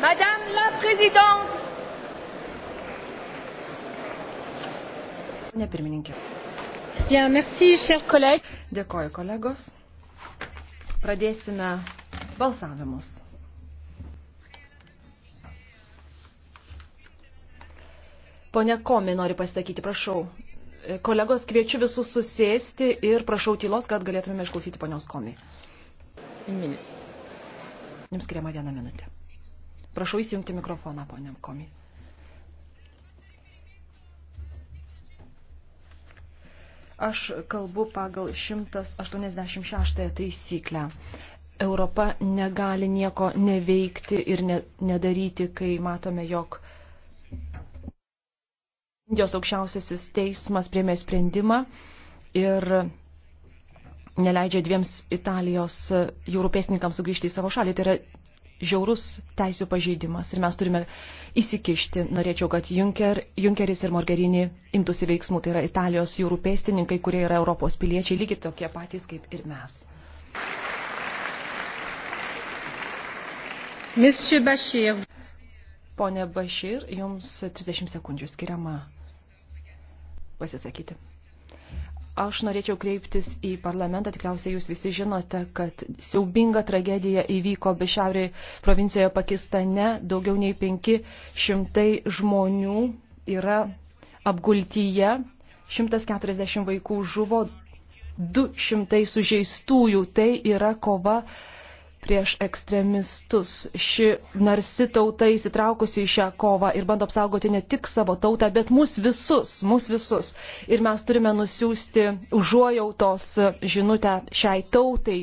Madame la Présidente. Ne pirmininkė. Bien, merci, cher collègue. Dėkoju, kolegos. Pradėsime balsavimus. Pone Komi nori pasakyti, prašau. Kolegos, kviečiu visus susėsti ir prašau tylos, kad galėtumėme išklausyti ponios Komi. Jums skiriama viena minutė. Prašau įsijungti mikrofoną, ponė Komi. Aš kalbu pagal 186 taisyklę. Europa negali nieko neveikti ir ne, nedaryti, kai matome, jog Indijos aukščiausiasis teismas priemė sprendimą ir neleidžia dviems Italijos jūrų pėsininkams sugrįžti į savo šalį. Tai yra žiaurus teisų pažeidimas ir mes turime įsikišti. Norėčiau, kad Junker, Junkeris ir Morgerini imtųsi veiksmų, tai yra Italijos jūrų pėstininkai, kurie yra Europos piliečiai, lygiai tokie patys kaip ir mes. Monsieur Bashir. Pone Bashir, jums 30 sekundžių skiriama pasisakyti. Aš norėčiau kreiptis į parlamentą, tikriausiai jūs visi žinote, kad siaubinga tragedija įvyko Bišarė provincijoje Pakistane, daugiau nei 500 žmonių yra apgultyje, 140 vaikų žuvo, 200 sužeistųjų, tai yra kova prieš ekstremistus. Ši narsi tauta įsitraukusi į šią kovą ir bando apsaugoti ne tik savo tautą, bet mus visus, mus visus. Ir mes turime nusiųsti užuojautos žinutę šiai tautai.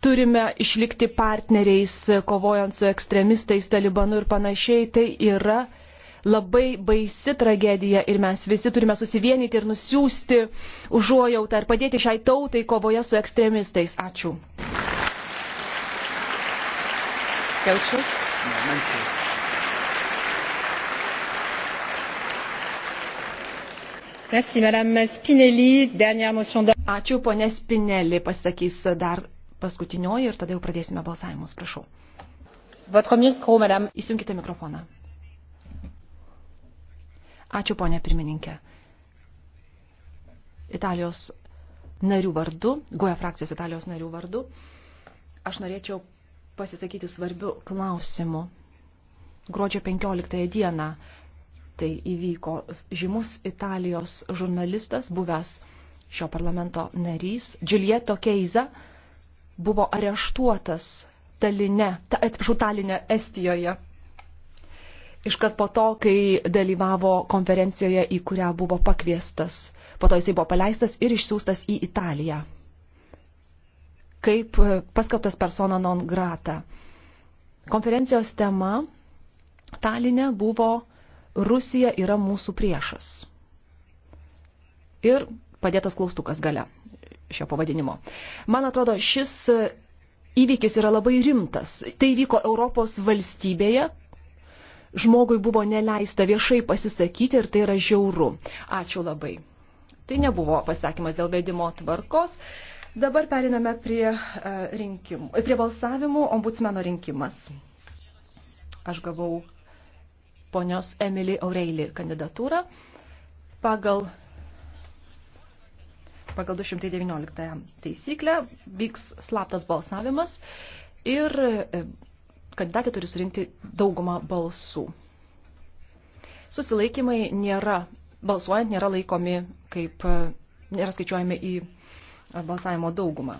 Turime išlikti partneriais, kovojant su ekstremistais, talibanu ir panašiai. Tai yra labai baisi tragedija ir mes visi turime susivienyti ir nusiųsti užuojautą ir padėti šiai tautai kovoje su ekstremistais. Ačiū gauchos. No, manchus. Merci, Madame Spinelli. Dernière motion d'ordre. Ačiū, ponė Spinelli. Pasakys dar paskutinioji ir tada jau pradėsime balsavimus. Prašau. Votre micro, Madame. Įsijunkite mikrofoną. Ačiū, ponė pirmininkė. Italijos narių vardu, GUE frakcijos Italijos narių vardu, aš norėčiau pasisakyti svarbiu klausimu. Gruodžio 15 dieną tai įvyko žymus Italijos žurnalistas, buvęs šio parlamento narys, Giulietto Keiza, buvo areštuotas Taline, ta, atsiprašau, Taline, Estijoje. Iškart po to, kai dalyvavo konferencijoje, į kurią buvo pakviestas. Po to jisai buvo paleistas ir išsiųstas į Italiją kaip e, paskelbtas persona non grata. Konferencijos tema Talinė buvo Rusija yra mūsų priešas. Ir padėtas klaustukas gale šio pavadinimo. Man atrodo, šis e, įvykis yra labai rimtas. Tai vyko Europos valstybėje, žmogui buvo neleista viešai pasisakyti ir tai yra žiauru. Ačiū labai. Tai nebuvo pasakymas dėl vedimo tvarkos. Dabar periname prie, e, rinkimų, e, prie balsavimų ombudsmeno rinkimas. Aš gavau ponios Emily Aureilį kandidatūrą pagal, pagal 219 taisyklę vyks slaptas balsavimas ir e, kandidatė turi surinkti daugumą balsų. Susilaikymai nėra, balsuojant nėra laikomi kaip, nėra skaičiuojami į ar balsavimo daugumą.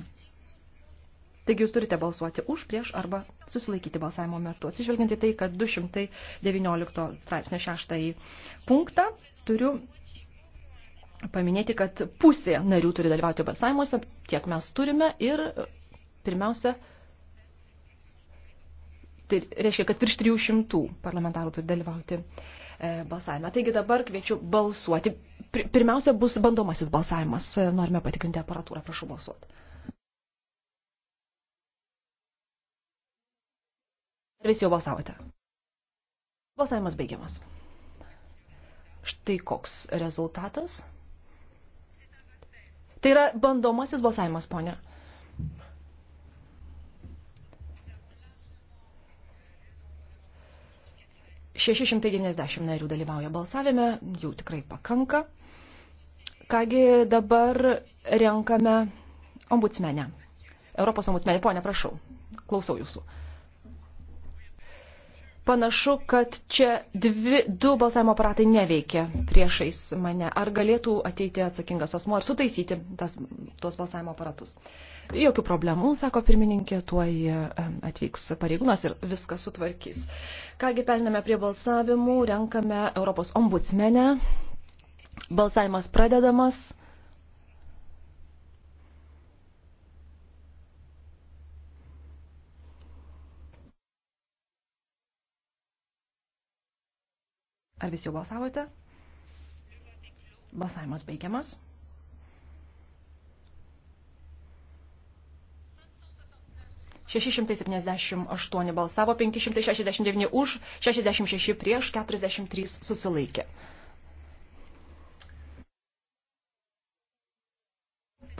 Taigi jūs turite balsuoti už, prieš arba susilaikyti balsavimo metu. Atsižvelgiant į tai, kad 219 straipsnio 6 punktą turiu paminėti, kad pusė narių turi dalyvauti balsavimuose, tiek mes turime ir pirmiausia, tai reiškia, kad virš 300 parlamentarų turi dalyvauti e, balsavime. Taigi dabar kviečiu balsuoti pirmiausia bus bandomasis balsavimas. Norime patikrinti aparatūrą, prašau balsuoti. Ar visi jau balsavote? Balsavimas baigiamas. Štai koks rezultatas. Tai yra bandomasis balsavimas, ponia. 690 narių dalyvauja balsavime, jau tikrai pakanka. Kągi dabar renkame ombudsmenę. Europos ombudsmenė, ponė, prašau, klausau jūsų. Panašu, kad čia dvi, du balsavimo aparatai neveikia priešais mane. Ar galėtų ateiti atsakingas asmo ir sutaisyti tas, tuos balsavimo aparatus? Jokių problemų, sako pirmininkė, tuoj atvyks pareigūnas ir viskas sutvarkys. Kągi, pelname prie balsavimų, renkame Europos ombudsmenę. Balsavimas pradedamas. Ar visi jau balsavote? Balsavimas baigiamas. 678 balsavo, 569 už, 66 prieš, 43 susilaikė.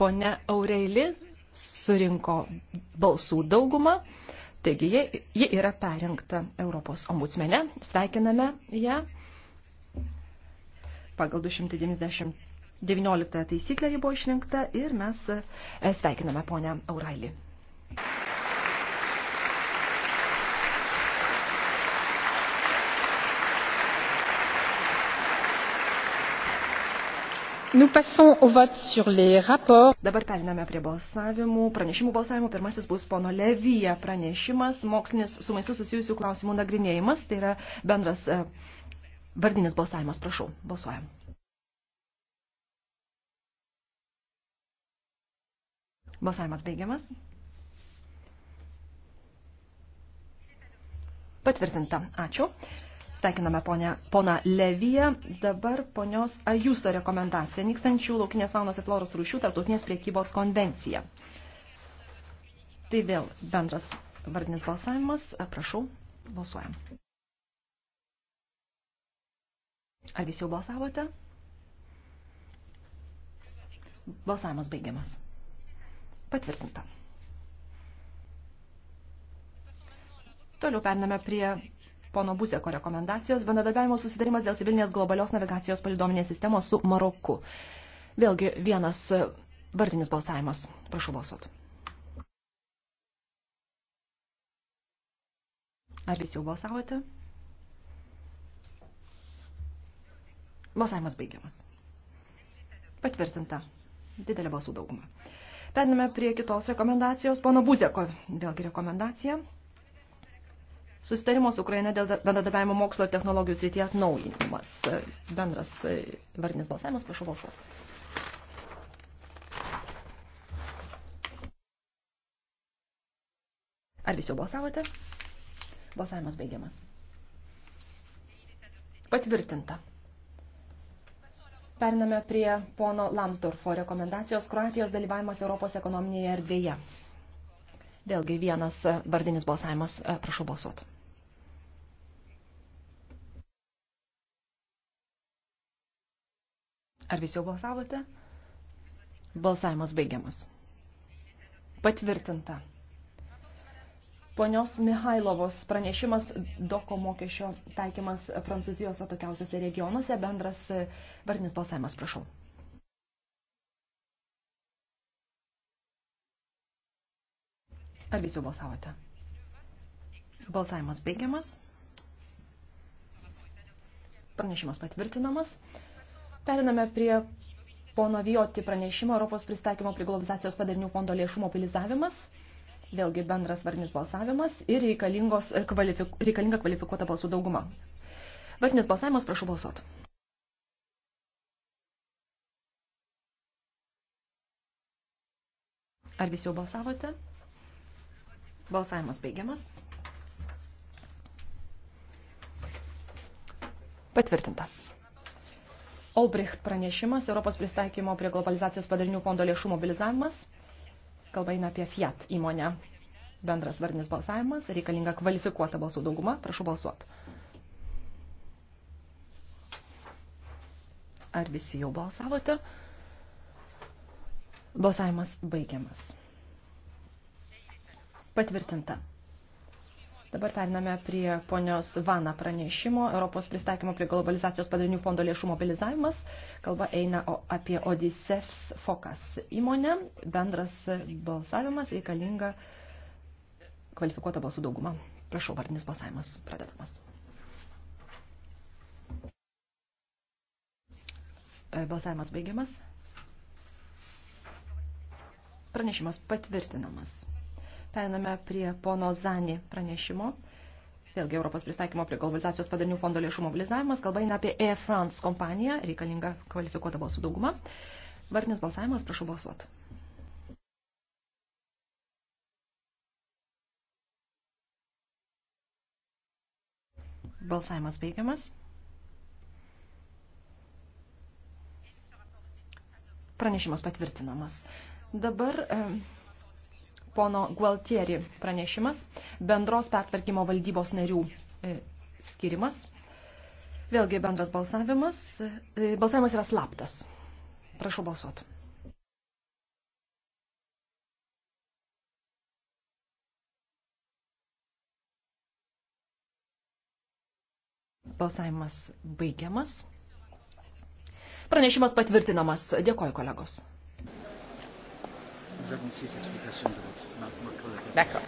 Pone Aureili surinko balsų daugumą, taigi ji, ji yra perinkta Europos ombudsmene. Sveikiname ją. Ja pagal 290 19 taisyklę ji buvo išrinkta ir mes e, sveikiname ponę Aurailį. Dabar periname prie balsavimų. Pranešimų balsavimų pirmasis bus pono Levyje pranešimas, mokslinis su maistu susijusių klausimų nagrinėjimas, tai yra bendras uh, Vardinis balsavimas, prašau, balsuojam. Balsavimas baigiamas. Patvirtinta. Ačiū. Sveikiname ponę, poną Leviją. Dabar ponios Ajuso rekomendacija. Nykstančių laukinės faunos ir floros rūšių tarptautinės priekybos konvencija. Tai vėl bendras vardinis balsavimas. Prašau, balsuojam. Ar visi jau balsavote? Balsavimas baigiamas. Patvirtinta. Toliau pername prie pono Buzeko rekomendacijos bendradarbiavimo susidarimas dėl civilinės globalios navigacijos palidominės sistemos su Maroku. Vėlgi vienas vardinis balsavimas. Prašau balsuot. Ar visi jau balsavote? Balsavimas baigiamas. Patvirtinta. Didelė balsų dauguma. Periname prie kitos rekomendacijos. Pono Buzeko vėlgi rekomendacija. Susitarimas Ukraina dėl bendradarbiavimo mokslo ir technologijų srityje atnaujinimas. Bendras vardinis balsavimas, prašau balsuoti. Ar visi jau balsavote? Balsavimas baigiamas. Patvirtinta. Periname prie pono Lamsdorfo rekomendacijos Kroatijos dalyvavimas Europos ekonominėje erdvėje. Vėlgi vienas vardinis balsavimas. E, prašau balsuoti. Ar visi jau balsavote? Balsavimas baigiamas. Patvirtinta ponios Mihailovos pranešimas doko mokesčio taikymas Prancūzijos atokiausiuose regionuose, bendras e, vardinis balsavimas, prašau. Ar visi jau balsavote? Balsavimas baigiamas. Pranešimas patvirtinamas. Periname prie pono Vijoti pranešimo Europos pristaikymo prie globalizacijos padarinių fondo lėšų mobilizavimas. Vėlgi bendras vardinis balsavimas ir e, kvalifik, reikalinga kvalifikuota balsų dauguma. Vardinis balsavimas, prašau balsuot. Ar visi jau balsavote? Balsavimas baigiamas. Patvirtinta. Olbricht pranešimas Europos pristaikymo prie globalizacijos padarinių fondo lėšų mobilizavimas. Kalba eina apie Fiat įmonę. Bendras vardinis balsavimas, reikalinga kvalifikuota balsų dauguma. Prašau balsuoti. Ar visi jau balsavote? Balsavimas baigiamas. Patvirtinta. Dabar periname prie ponios Vana pranešimo Europos pristaikymo prie globalizacijos padarinių fondo lėšų mobilizavimas. Kalba eina apie Odisefs Fokas įmonę. Bendras balsavimas reikalinga kvalifikuota balsų dauguma. Prašau, vardinis balsavimas pradedamas. E, balsavimas baigiamas. Pranešimas patvirtinamas. Periname prie pono Zani pranešimo. Vėlgi Europos pristaikymo prie globalizacijos padarinių fondo lėšų mobilizavimas. Kalba eina apie Air France kompaniją, reikalinga kvalifikuota balsų dauguma. Vartinis balsavimas, prašau balsuoti. Balsavimas baigiamas. Pranešimas patvirtinamas. Dabar... E, pono Gualtieri pranešimas, bendros pertvarkymo valdybos narių e, skirimas. Vėlgi bendras balsavimas. E, balsavimas yra slaptas. Prašau balsuoti. Balsavimas baigiamas. Pranešimas patvirtinamas. Dėkoju, kolegos. Nous avons six explications de vote. Ma, ma collègue. D'accord.